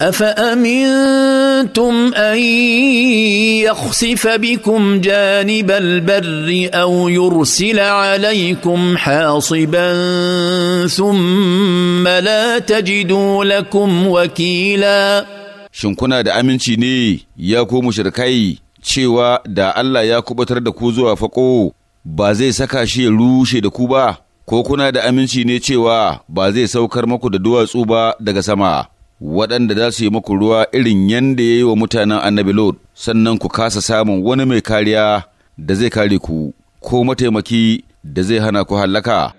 افامنتم ان يخسف بكم جانب البر او يرسل عليكم حاصبا ثم لا تجدوا لكم وكيلا shin kuna da aminci ne ya ku mushrikai cewa da Allah ya kubatar da ku zuwa faƙo ba zai saka shi ya rushe da ku ba ko kuna da aminci ne cewa ba zai saukar maku da duwatsu ba daga sama waɗanda za su yi muku ruwa irin yanda ya yi wa mutanen annabi Lot, sannan ku kasa samun wani mai kariya da zai kare ku, ko mataimaki da zai hana ku hallaka.